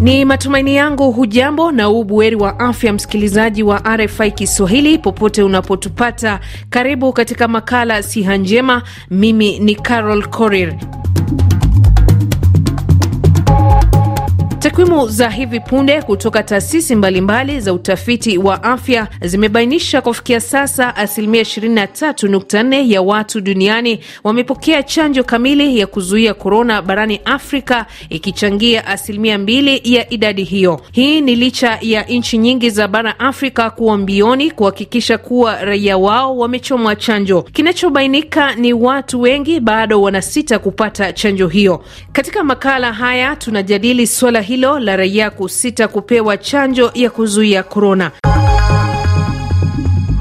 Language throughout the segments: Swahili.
Ni matumaini yangu hujambo na ubuheri wa afya, msikilizaji wa RFI Kiswahili popote unapotupata. Karibu katika makala siha njema. Mimi ni Carol Korir. Takwimu za hivi punde kutoka taasisi mbalimbali za utafiti wa afya zimebainisha kufikia sasa asilimia 23.4 ya watu duniani wamepokea chanjo kamili ya kuzuia korona barani Afrika, ikichangia asilimia mbili ya idadi hiyo. Hii ni licha ya nchi nyingi za bara Afrika kuwa mbioni kuhakikisha kuwa raia wao wamechomwa chanjo. Kinachobainika ni watu wengi bado wanasita kupata chanjo hiyo. Katika makala haya tunajadili swala hilo hilo la raia kusita kupewa chanjo ya kuzuia korona.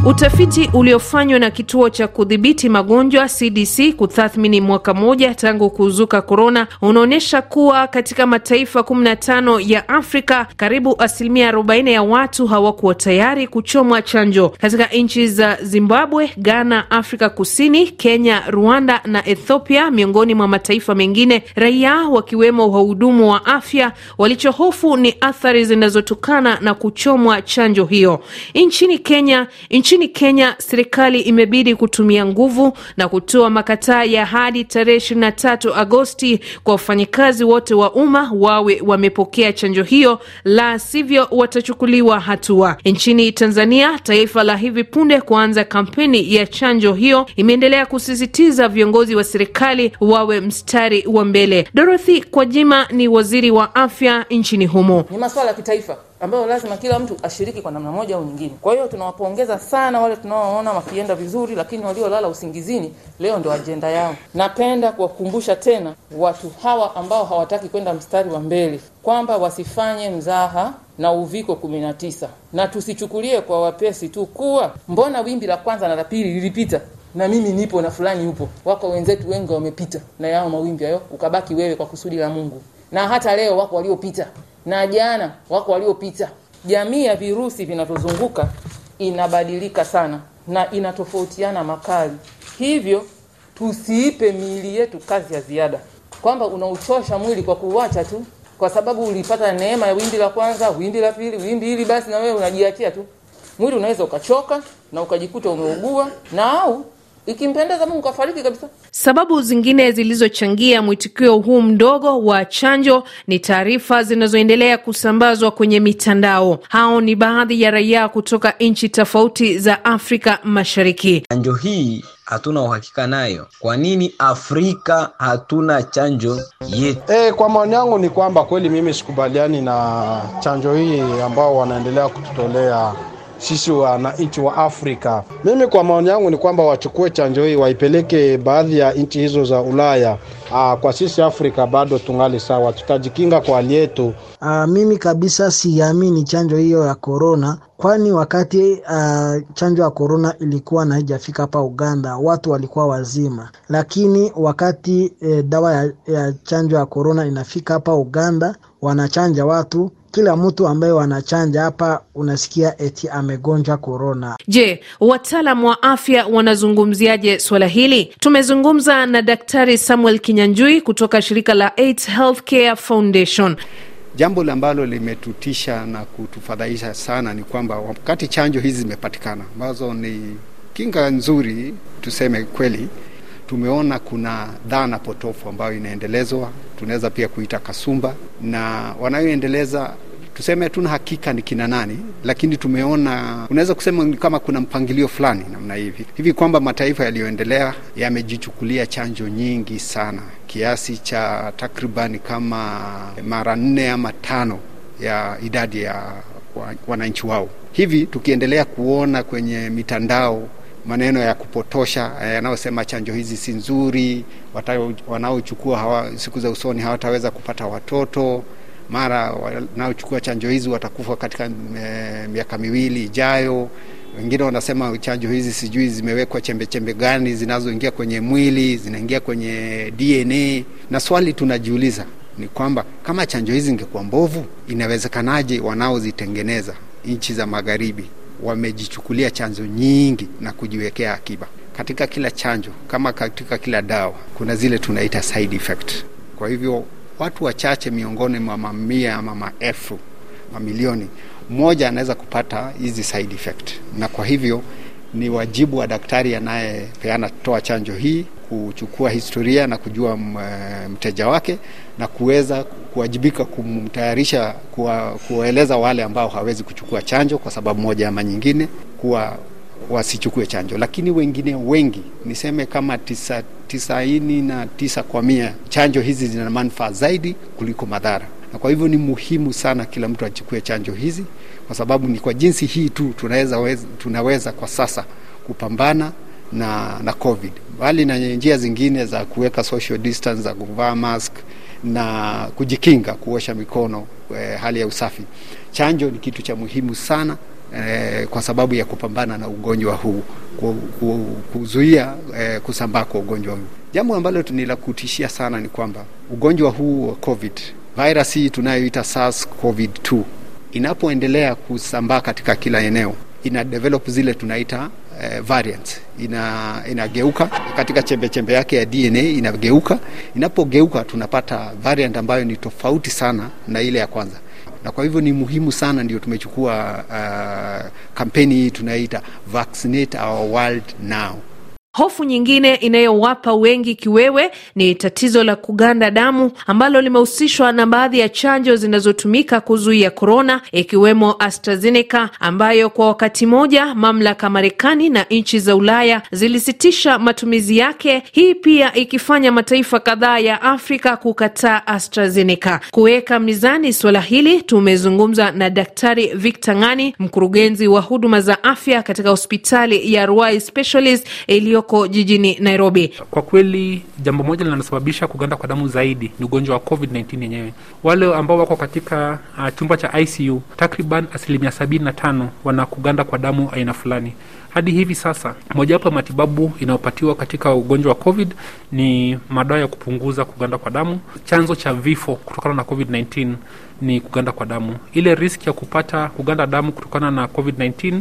Utafiti uliofanywa na kituo cha kudhibiti magonjwa CDC kutathmini mwaka mmoja tangu kuzuka korona unaonyesha kuwa katika mataifa 15 ya Afrika karibu asilimia 40 ya watu hawakuwa tayari kuchomwa chanjo. Katika nchi za Zimbabwe, Ghana, Afrika Kusini, Kenya, Rwanda na Ethiopia, miongoni mwa mataifa mengine, raia wakiwemo wahudumu wa afya walichohofu ni athari zinazotokana na kuchomwa chanjo hiyo. Nchini Kenya, nchini Nchini Kenya, serikali imebidi kutumia nguvu na kutoa makataa ya hadi tarehe 23 Agosti kwa wafanyikazi wote wa umma wawe wamepokea chanjo hiyo, la sivyo watachukuliwa hatua. Nchini Tanzania, taifa la hivi punde kuanza kampeni ya chanjo hiyo, imeendelea kusisitiza viongozi wa serikali wawe mstari wa mbele. Dorothy Kwajima ni waziri wa afya nchini humo. Ni masuala ya kitaifa ambayo lazima kila mtu ashiriki kwa namna moja au nyingine. Kwa hiyo tunawapongeza sana sana wale tunaoona wakienda vizuri, lakini waliolala usingizini leo ndo ajenda yao. Napenda kuwakumbusha tena watu hawa ambao hawataki kwenda mstari wa mbele kwamba wasifanye mzaha na uviko 19 na tusichukulie kwa wapesi tu kuwa mbona wimbi la kwanza na la pili lilipita na mimi nipo na fulani yupo, wako wenzetu wengi wamepita na yao mawimbi hayo, ukabaki wewe kwa kusudi la Mungu. Na hata leo wako waliopita, na jana wako waliopita. Jamii ya virusi vinavyozunguka inabadilika sana na inatofautiana makali, hivyo tusiipe miili yetu kazi ya ziada, kwamba unauchosha mwili kwa kuuacha tu, kwa sababu ulipata neema ya wimbi la kwanza, wimbi la pili, wimbi hili, basi na wewe unajiachia tu. Mwili unaweza ukachoka na ukajikuta umeugua na au ikimpendeza Mungu afariki kabisa. Sababu zingine zilizochangia mwitikio huu mdogo wa chanjo ni taarifa zinazoendelea kusambazwa kwenye mitandao. Hao ni baadhi ya raia kutoka nchi tofauti za Afrika Mashariki. Chanjo hii hatuna uhakika nayo. Kwa nini Afrika hatuna chanjo yetu? E, kwa maoni yangu ni kwamba kweli mimi sikubaliani na chanjo hii ambao wanaendelea kututolea sisi wananchi wa Afrika. Mimi kwa maoni yangu ni kwamba wachukue chanjo hii waipeleke baadhi ya nchi hizo za Ulaya. Aa, ah, kwa sisi Afrika bado tungali sawa, tutajikinga kwa hali yetu. Ah, mimi kabisa siamini chanjo hiyo ya korona, kwani wakati aa, ah, chanjo ya korona ilikuwa na haijafika hapa Uganda watu walikuwa wazima, lakini wakati e, dawa ya, ya chanjo ya korona inafika hapa Uganda wanachanja watu kila mtu ambaye wanachanja hapa unasikia eti amegonjwa korona. Je, wataalam wa afya wanazungumziaje suala hili? Tumezungumza na Daktari Samuel Kinyanjui kutoka shirika la AIDS Healthcare Foundation. Jambo ambalo limetutisha na kutufadhaisha sana ni kwamba wakati chanjo hizi zimepatikana ambazo ni kinga nzuri, tuseme kweli, tumeona kuna dhana potofu ambayo inaendelezwa tunaweza pia kuita kasumba, na wanayoendeleza tuseme hatuna hakika ni kina nani, lakini tumeona, unaweza kusema kama kuna mpangilio fulani namna hivi hivi kwamba mataifa yaliyoendelea yamejichukulia chanjo nyingi sana kiasi cha takribani kama mara nne ama tano ya idadi ya wananchi wao. Hivi tukiendelea kuona kwenye mitandao maneno ya kupotosha eh, yanayosema chanjo hizi si nzuri, wanaochukua hawa, siku za usoni hawataweza kupata watoto, mara wanaochukua chanjo hizi watakufa katika eh, miaka miwili ijayo. Wengine wanasema chanjo hizi sijui zimewekwa chembechembe gani zinazoingia kwenye mwili, zinaingia kwenye DNA. Na swali tunajiuliza ni kwamba kama chanjo hizi ingekuwa mbovu, inawezekanaje wanaozitengeneza nchi za magharibi wamejichukulia chanjo nyingi na kujiwekea akiba. Katika kila chanjo kama katika kila dawa, kuna zile tunaita side effect. Kwa hivyo watu wachache miongoni mwa mamia ama maelfu, mamilioni, mmoja anaweza kupata hizi side effect, na kwa hivyo ni wajibu wa daktari anayepeana toa chanjo hii kuchukua historia na kujua mm, eh, mteja wake na kuweza kuwajibika kumtayarisha, kuwaeleza wale ambao hawezi kuchukua chanjo kwa sababu moja ama nyingine, kuwa wasichukue chanjo. Lakini wengine wengi, niseme kama tisa, tisaini na tisa kwa mia, chanjo hizi zina manufaa zaidi kuliko madhara, na kwa hivyo ni muhimu sana kila mtu achukue chanjo hizi, kwa sababu ni kwa jinsi hii tu tunaweza, tunaweza kwa sasa kupambana na, na COVID, bali na njia zingine za kuweka social distance, za kuvaa mask na kujikinga, kuosha mikono e, hali ya usafi. Chanjo ni kitu cha muhimu sana e, kwa sababu ya kupambana na ugonjwa huu, kuzuia e, kusambaa kwa ugonjwa huu. Jambo ambalo ni la kutishia sana ni kwamba ugonjwa huu wa COVID, virus hii tunayoita SARS COVID 2 inapoendelea kusambaa katika kila eneo ina develop zile tunaita Eh, variant ina inageuka katika chembe chembe yake ya DNA inageuka. Inapogeuka tunapata variant ambayo ni tofauti sana na ile ya kwanza, na kwa hivyo ni muhimu sana, ndio tumechukua eh, kampeni hii tunaita vaccinate our world now. Hofu nyingine inayowapa wengi kiwewe ni tatizo la kuganda damu ambalo limehusishwa na baadhi ya chanjo zinazotumika kuzuia korona, ikiwemo AstraZeneca ambayo kwa wakati mmoja mamlaka Marekani na nchi za Ulaya zilisitisha matumizi yake, hii pia ikifanya mataifa kadhaa ya Afrika kukataa AstraZeneca. Kuweka mizani suala hili, tumezungumza na Daktari Victor Ng'ani, mkurugenzi wa huduma za afya katika hospitali ya Ruai Specialist iliyo iliyoko jijini Nairobi. Kwa kweli, jambo moja linalosababisha kuganda kwa damu zaidi ni ugonjwa wa COVID-19 yenyewe. Wale ambao wako katika uh, chumba cha ICU takriban asilimia 75 wana kuganda kwa damu aina fulani. Hadi hivi sasa mojawapo ya matibabu inayopatiwa katika ugonjwa wa COVID ni madawa ya kupunguza kuganda kwa damu. Chanzo cha vifo kutokana na COVID-19 ni kuganda kwa damu. Ile riski ya kupata kuganda damu kutokana na COVID-19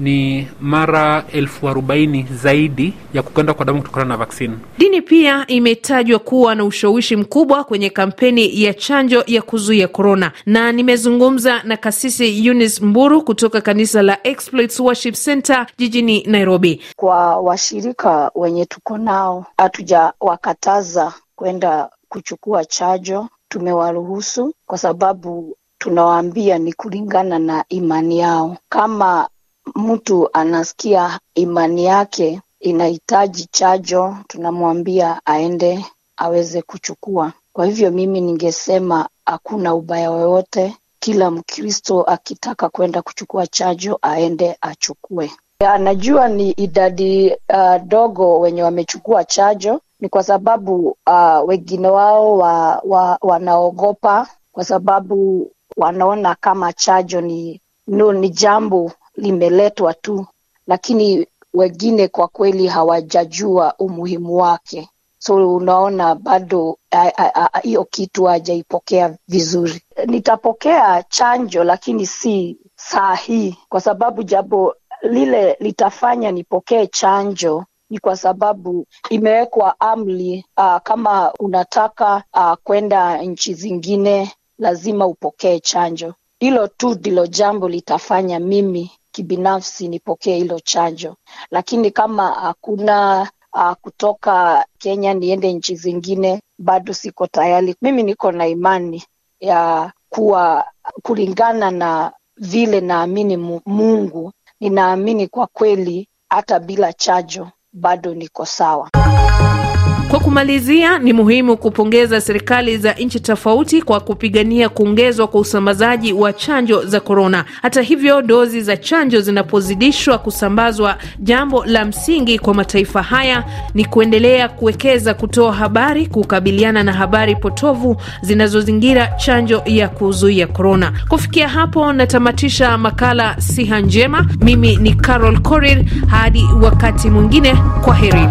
ni mara elfu arobaini zaidi ya kukenda kwa damu kutokana na vaksini. Dini pia imetajwa kuwa na ushawishi mkubwa kwenye kampeni ya chanjo ya kuzuia korona, na nimezungumza na kasisi Eunice Mburu kutoka kanisa la Exploits Worship Center jijini Nairobi. Kwa washirika wenye tuko nao, hatujawakataza kwenda kuchukua chanjo, tumewaruhusu kwa sababu tunawaambia ni kulingana na imani yao. Kama mtu anasikia imani yake inahitaji chajo tunamwambia aende aweze kuchukua. Kwa hivyo mimi ningesema hakuna ubaya wowote, kila Mkristo akitaka kwenda kuchukua chajo aende achukue. Anajua ni idadi uh, dogo wenye wamechukua chajo ni kwa sababu uh, wengine wao wa, wa, wanaogopa kwa sababu wanaona kama chajo ni no, ni jambo limeletwa tu, lakini wengine kwa kweli hawajajua umuhimu wake. So unaona bado hiyo kitu hajaipokea vizuri. Nitapokea chanjo, lakini si saa hii, kwa sababu jambo lile litafanya nipokee chanjo ni kwa sababu imewekwa amri uh, kama unataka uh, kwenda nchi zingine lazima upokee chanjo. Hilo tu ndilo jambo litafanya mimi kibinafsi nipokee hilo chanjo, lakini kama hakuna uh, kutoka Kenya niende nchi zingine, bado siko tayari. Mimi niko na imani ya kuwa kulingana na vile naamini Mungu, ninaamini kwa kweli hata bila chanjo bado niko sawa kumalizia, ni muhimu kupongeza serikali za nchi tofauti kwa kupigania kuongezwa kwa usambazaji wa chanjo za korona. Hata hivyo, dozi za chanjo zinapozidishwa kusambazwa, jambo la msingi kwa mataifa haya ni kuendelea kuwekeza kutoa habari, kukabiliana na habari potovu zinazozingira chanjo ya kuzuia korona. Kufikia hapo, natamatisha makala Siha Njema. Mimi ni Carol Korir, hadi wakati mwingine, kwa heri.